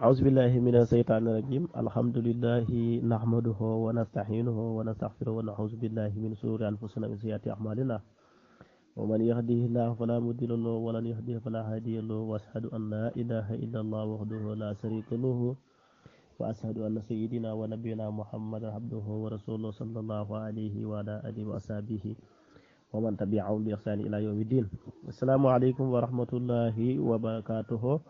أعوذ بالله من الشيطان الرجيم الحمد لله نحمده ونستعينه ونستغفره ونعوذ بالله من شرور أنفسنا ومن سيئات أعمالنا ومن يهده الله فلا مضل له ومن يهده فلا هادي له وأشهد أن لا إله إلا الله وحده لا شريك له وأشهد أن سيدنا ونبينا محمد عبده ورسوله صلى الله عليه وعلى آله وأصحابه ومن تبعهم بإحسان إلى يوم الدين السلام عليكم ورحمة الله وبركاته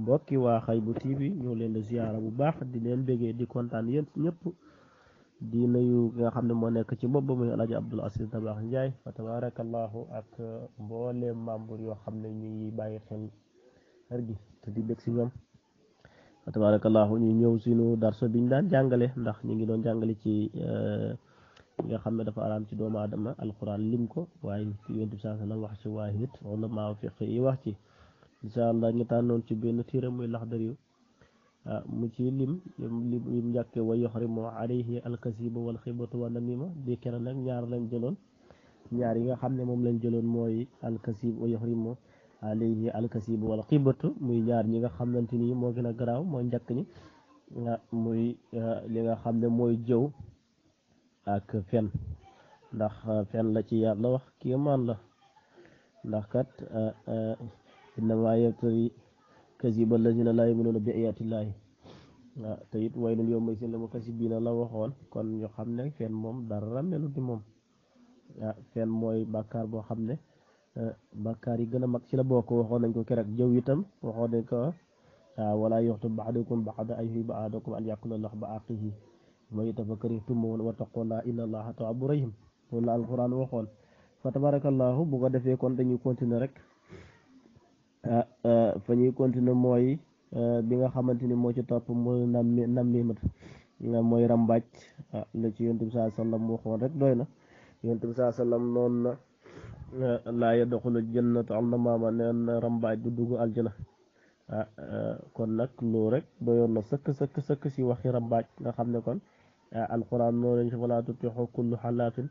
mbokki waa Xaybu TV ñoo leen di ziyaara bu baax di leen bégee di kontaan yéen ñëpp di nuyu nga xam ne moo nekk ci bopp muy Alaaji Abdul Aziz Dabaax Njaay fa tabarakallahu ak mbooleem membre yoo xam ne ñu ngi bàyyi xel kër gi te di bég si ñoom fa tabarakallahu ñu ñëw suñu darso biñ daan jàngale ndax ñu ngi doon jàngale ci euh, nga xam ne dafa araam ci doomu aadama alquran lim ko waaye yonent bi saa sallam wax ci waahid wax ci incha allah ñu tànnoon ci benn tiira muy laxdar yu ah, mu ci lim lim njàkke wa yoxrimu alayhi alkasiba wal xibatu wa namima bi keneen nag ñaar lañ jëloon ñaar yi nga xam ne moom lañ jëloon mooy alkasib wa yoxrimu alayhi alkasibu wal xibatu muy ñaar ñi nga xamante ni moo gën a garaaw mooy njàkk ñi ah, muy ah, li nga xam ne mooy jëw ak fen ndax fen la ci yàlla wax kéemaan la ndax kat innama yabtari kasiba allazina laa yuminuuna bi ayatillaahi waaw te it waylun yawma isin la mu kasi biina la waxoon kon ñu xam ne fen moom dara melut ni moom waaw ah, fen mooy bàkkaar boo xam ne ah, bàkkaar yi gën a mag ci la bokk waxoon nañ ko keroog jëw itam waxoon nañ ko waaw ah, wala yaxtub ba'dukum ba'dan an yuhibba ahadukum an yaqula llaahu li axiihi maa shay'an fakarihtumuuh wattaqullaaha inna llaaha tawwaabun rahiim loolu la alquran waxoon fa tabaarakallaahu bu ko defee kon dañuy continuer rek Euh, euh, fa ñuy continuer mooy euh, bi nga xamante ni moo ci topp mooy nam nammimat mooy rambaaj ah la ci yonent bi saa sallam waxoon rek doy na yonent bi saa sallam noonu na laa yadxulu jannata almamaama neen rambaaj du dugg aljana ah kon nag loo rek doyoon na sëkk sëkk sëkk si waxi rambaaj nga xam ne kon ah, alquran noonu lañ si wala tutixu kullu xalaafin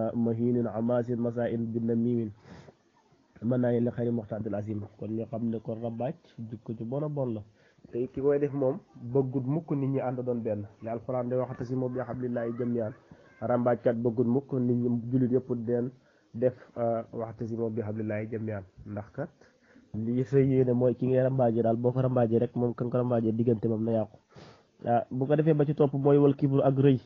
ah, mahiinin amaasin masaain binna miimin mën naa ne la xëy na muxtaadul azima kon ñu xam ne kon rabaaj jikko ju bon a bon la te ki koy def moom bëggut mukk nit ñi ànd doon benn li alxuraan day waxata si moom bi hablillahi jamii'an rambaajkat bëggut mukk nit ñi jullit yëpp den def uh, waxta si moom bi hablillahi jamii'an ndax kat li sa yéene mooy ki ngay rambaaje daal boo ko rambaaje rek moom kan ko rambaaje diggante moom na yàqu uh, bu ko defee ba ci topp mooy wal kibru ak rëy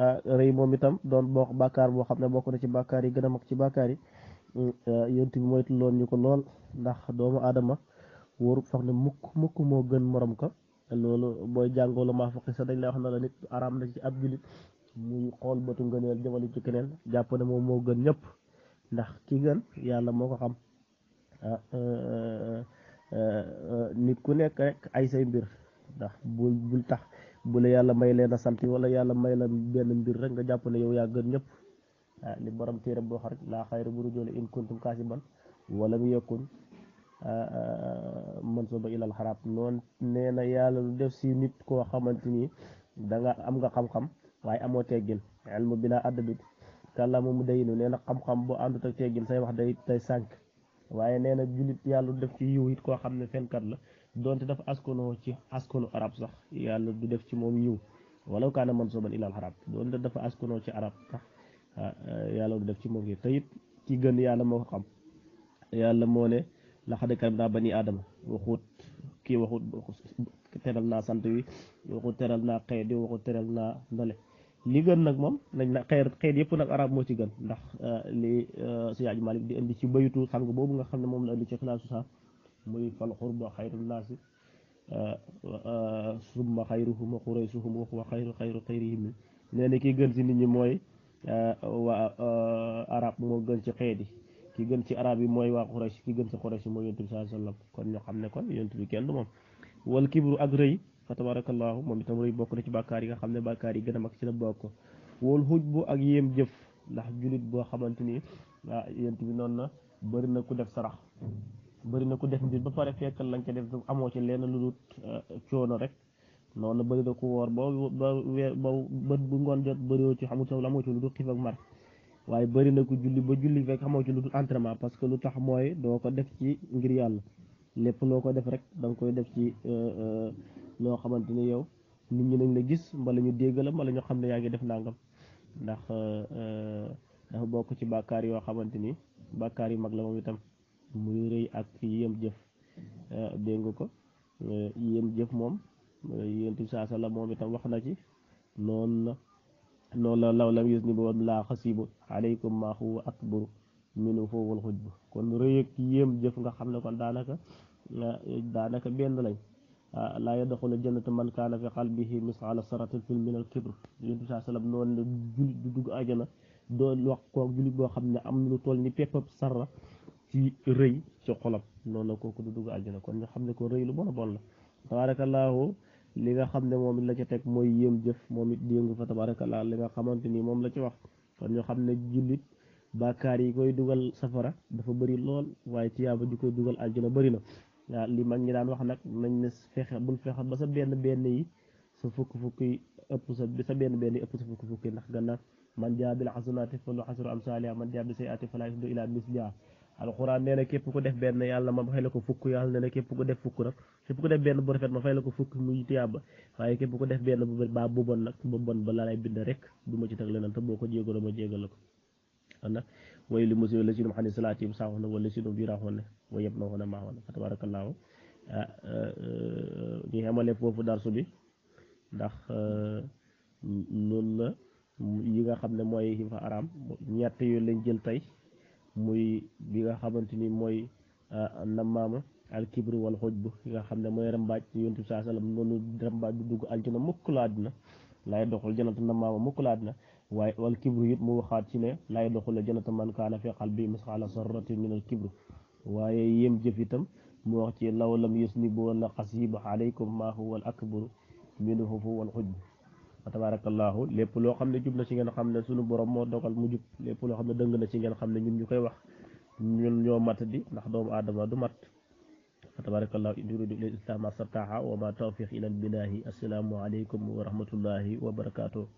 uh, rëy moom itam doon boo bàkkaar boo xam ne bokk na ci bàkkaar yi gën a mag ci bàkkaar yi Euh, yonent bi moytu loon ñu ko lool ndax doomu aadama waru foog ne mukk mukk moo gën moroom ko loolu booy jàngoo ma maa faqi dañ lay wax na la nit araam na ci ab julit muy xool bëtu ngëneel jëmale ci keneen jàpp ne moom moo gën ñëpp ndax ki gën yàlla moo ko xam ah, euh, euh, nit ku nekk rek ay say mbir ndax bul bul tax bu la yàlla may leen a sant wala yàlla may la benn mbir rek nga jàpp ne yow yaa gën ñëpp li borom téeram boo xam rek laa xayra bu rujoole in kuntum kaasiban wala mu yekkun uh, mansuba ilal xarab noonu nee na yàlla lu def si nit koo xamante ni danga am nga xam-xam waaye amoo teggin ilmu bila adabit kàllaama mu dayinu nee na xam boo àndut ak teggin say wax day tay sànq waaye nee na jullit yàlla du def ci yiw it koo xam ne fenkat la donte dafa askanoo ci askanu arab sax yàlla du def ci moom yiw wala kaana mansuban ilal xarab donte dafa askanoo ci arab sax Euh, yàlla du def ci moom ngir te it ci gën yàlla moo ko xam yàlla moo ne laqad karamnaa banii aadama waxut kii waxut teral naa sant wi waxut teral naa xeet yi waxut teral naa ndole li gën nag moom nañ na xeer xeet yëpp nag arab moo ci gën ndax euh, li euh, si yaaj malik di indi ci bayutu xam boobu nga xam ne moom la indi ci xilaasu sax muy fal xurba xayrul naasi summa xayruhum wa xuraysuhum wa xayru xayru xayrihim nee na ki gën si nit ñi mooy Euh, waa euh, arab moo gën ci xeet yi ki gën ci arab yi mooy waa Quraysh ki gën ci Quraysh mooy yontu bi saa sallam kon ñu xam ne kon yontu bi kenn moom wal kibru ak rëy fa tabarakallahu moom itam rëy bokk na ci bàkkaar yi nga xam ne bàkkaar yi gën a mag ci la bokk wal xuj bu ak yéem jëf ndax julit boo xamante ni waa yontu bi noonu na bari na ku def sarax bari na ku def mbir ba pare fekk lañ ca def amoo ci lenn lu dul euh, coono rek noonu la bëri na ku woor ba ba bët bu ngoon jot bëriwoo ci xamul sa amoo ci lu dul xiif ak mar waaye bari na ku julli ba julli fekk xamoo ci lu dul entraînement parce que lu tax mooy doo ko def ci ngir yàlla lépp loo ko def rek danga koy def ci euh, euh, loo xamante ni yow nit ñi nañ la gis mbala ñu dégg la mbala ñu xam ne yaa ngi def nangam ndax euh, dafa bokk ci bàkkaar yoo xamante ni bàkkaar yu mag la moom itam muy rëy ak yéem jëf dégg nga ko yéem jëf moom. yénti saa sala moom itam wax na ci noonu na noonu la law lam gis ni boon laa xasibu aleykum maa huwa akbaru minu fooful xuj bu kon rëy ak jëf nga xam ne kon daanaka daanaka benn lañ laa yadxulu jannata man kaana fi qalbihi misqaala sarratin fil minal kibr yénti saa salam noonu la julit du dugg ajana doon wax kook julit boo xam ne am lu toll ni peppab sarra ci rëy ci xolam noonu la kooku du dugg àjjana kon nga xam ne ko rëy lu bon a bon la tabaarakallaahu li nga xam ne moom it la ca teg mooy yéem jëf moom it yëngu fa tabaarakallaahu li nga xamante nii moom la ci wax kon ñu xam ne jullit bàkkaar yi koy dugal safara dafa bëri lool waaye tiyaaba ji koy dugal aljana bëri na waaw li mag ñi daan wax nag nañ ne fexe bul fexe ba sa benn benn yi sa fukk fukk yi ëpp sa sa benn benn yi ëpp sa fukk fukk yi ndax gannaaw man jaa bil xasanaati falahu asru amsaalihaa man jaa bi sayyi'aati falaa yujzaa illaa mislihaa alxuraan nee na képp ku def benn yàlla ma fay la ko fukk yàlla na képp ku def fukk nag képp ku benn bu rafet ma ko fukk muy tiyaaba waaye képp ku def benn bu baa bu bon nag bu bon ba la lay bind rek du ma ci teg leneen te boo ko jéegaloo ma jéegal la ko kon li musiba la si ñoom xam ne salaat yi saaxoon na wala si ñoom biiraaxoon na way yëpp na xoon na maaxoon na fa tabaarakallaahu ah, ah, ah ñu xamale foofu darsu bi ndax ah, loolu na yi nga xam ne mooy yi fa araam ñett yu lañ jël tey muy bi nga xamante ni mooy ah, namaama alkibru waa xoj bu yi nga xam ne mooy rambaaj yontu saa salaam noonu rambaaj du dugg aljana mukk laa dina laay doxal janata namaama mukk laa dina waaye wal kibru it mu waxaat ci ne laay doxal janata man kaana fi qalbi misqaala sarratin min al kibru waaye yem jëf itam mu wax ci law lam yusnibu la xasiba alaykum maa huwa al akbaru minhu wal xoj bu wa tabaarakallaahu lépp loo xam ne jub na ci ngeen xam ne sunu borom moo dogal mu jub lépp loo xam ne dëng na ci ngeen xam ne ñun ñu koy wax ñun ñoo mat di ndax doomu aadama du mat wa tabaarakallaahu in turidu ilal islaam astataaha wa ma tawfiq ilal billaahi assalaamu aleykum wa rahmatullahi wa barakaatu